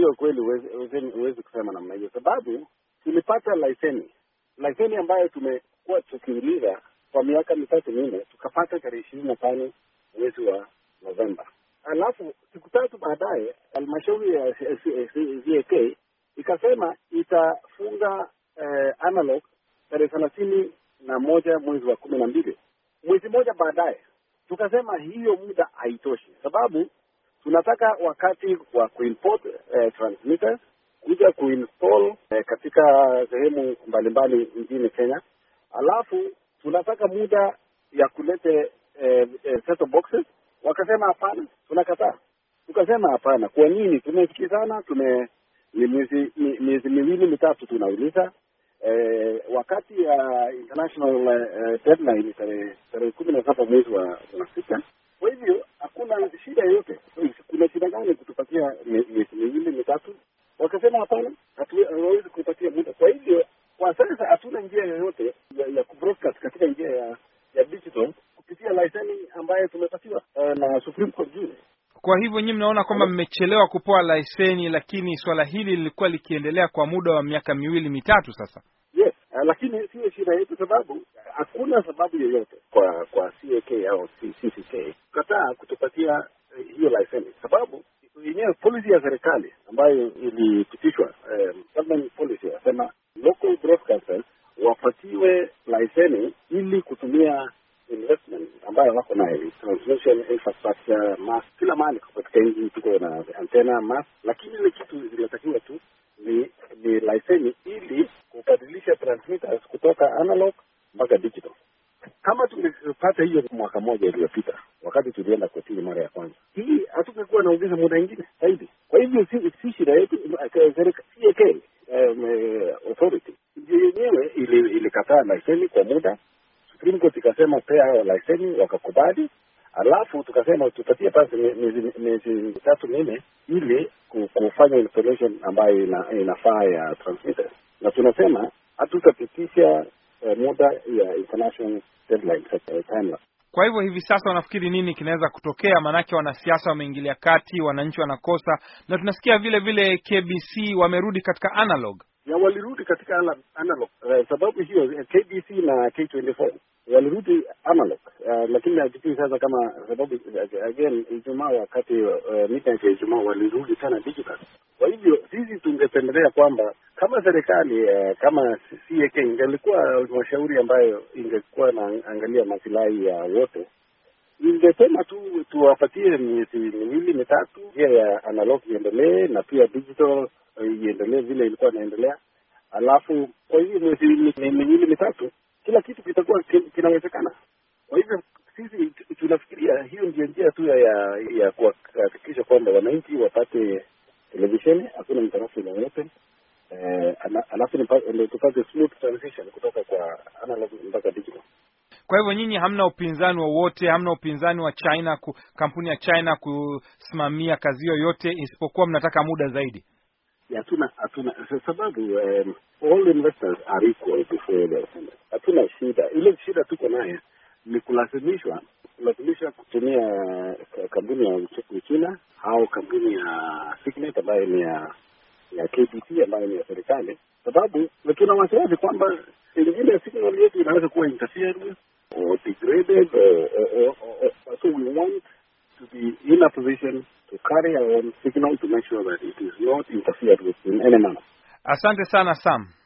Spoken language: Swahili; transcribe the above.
hiyo kweli huwezi kusema namna hiyo, sababu tulipata leseni leseni ambayo tumekuwa tukiuliza kwa miaka mitatu minne, tukapata tarehe ishirini na tano mwezi wa Novemba, alafu siku tatu baadaye halmashauri ya CAK ikasema itafunga eh, analog tarehe thelathini na moja mwezi wa kumi na mbili. Mwezi mmoja baadaye tukasema hiyo muda haitoshi, sababu Tunataka wakati wa kuimport eh, transmitters kuja kuinstall eh, katika sehemu mbalimbali nchini Kenya, alafu tunataka muda ya kulete eh, eh, set boxes. Wakasema hapana, tunakataa. Tukasema hapana, kwa nini? Tumesikizana, tume miezi miwili mitatu tunauliza eh, wakati ya uh, international uh, deadline tarehe kumi na saba mwezi wa sita. Kwa hivyo hakuna shida yoyote miezi miwili mitatu, wakasema hapana, hatuwezi kuipatia muda. Kwa hivyo kwa sasa hatuna njia yoyote ya, ya kubroadcast katika njia ya, ya digital kupitia leseni ambayo tumepatiwa uh, na Supreme Court juu kwa hivyo nyinyi mnaona kwamba mmechelewa kupoa leseni, lakini swala hili lilikuwa likiendelea kwa muda wa miaka miwili mitatu sasa. Yes, uh, lakini sio shida yetu, sababu hakuna sababu yoyote kwa kwa CAK au CCK kukataa kutupatia uh, hiyo leseni, sababu yenyewe policy ya serikali ambayo ilipitishwa, um, government policy yasema local broadcasters wapatiwe leseni ili kutumia investment ambayo wako nayo transmission infrastructure mass, kila mahali katika nchi tuko na antena mas lakini ile kitu zinatakiwa tu ni ni leseni ili kubadilisha transmitters kutoka analog mpaka digital tulipata hiyo mwaka mmoja iliyopita, wakati tulienda kotini mara ya kwanza. Hii hatungekuwa naongeza muda ingine zaidi. Kwa hivyo si, si shida yetu eh, CAK um, eh, eh, authority ndio yenyewe ilikataa ili leseni kwa muda. Supreme Court ikasema pea hao leseni, wakakubali alafu tukasema tutatia basi miezi tatu minne ili kufanya installation ambayo inafaa ya transmitter, na tunasema hatutapitisha uh, muda ya international deadline eh, eh, time. Kwa hivyo hivi sasa unafikiri nini kinaweza kutokea? Maanake wanasiasa wameingilia kati, wananchi wanakosa, na tunasikia vile vile KBC wamerudi katika analog ya walirudi katika analog uh, sababu hiyo KBC na K24 walirudi analog uh, lakini najipii sasa kama sababu again Ijumaa wakati uh, midnight ya Ijumaa walirudi sana digital. Kwa hivyo sisi tungependelea kwamba kama serikali eh, kama CAK ingelikuwa mashauri ambayo ingekuwa naangalia masilahi ya wote ingesema tu tuwapatie miezi miwili mitatu, njia ya analog iendelee na pia digital eh, iendelee vile ilikuwa inaendelea. Alafu kwa hivyo miezi miwili mitatu kila kitu kitakuwa kinawezekana. Kwa hivyo sisi tunafikiria hiyo ndio njia tu ya ya kuhakikisha kwamba wananchi wapate televisheni, hakuna interaction yoyote. Eh, alafu ndio tupate smooth transition kutoka kwa analog mpaka digital. Kwa hivyo nyinyi hamna upinzani wowote, hamna upinzani wa China, kampuni ya China kusimamia kazi hiyo yote, isipokuwa mnataka muda zaidi. Hatuna hatuna sababu, um, all investors are equal before the hatuna shida. Ile shida tuko naye ni kulazimishwa kulazimishwa kutumia kampuni ya Uchina au kampuni ya Signet ambayo ni ya ya KDP ambayo ni ya serikali, sababu tuna wasiwasi kwamba pengine signal yetu inaweza kuwa interfered or degraded or eh, eh, eh, so we want to be in a position to carry our own signal to make sure that it is not interfered with in any manner. Asante sana Sam.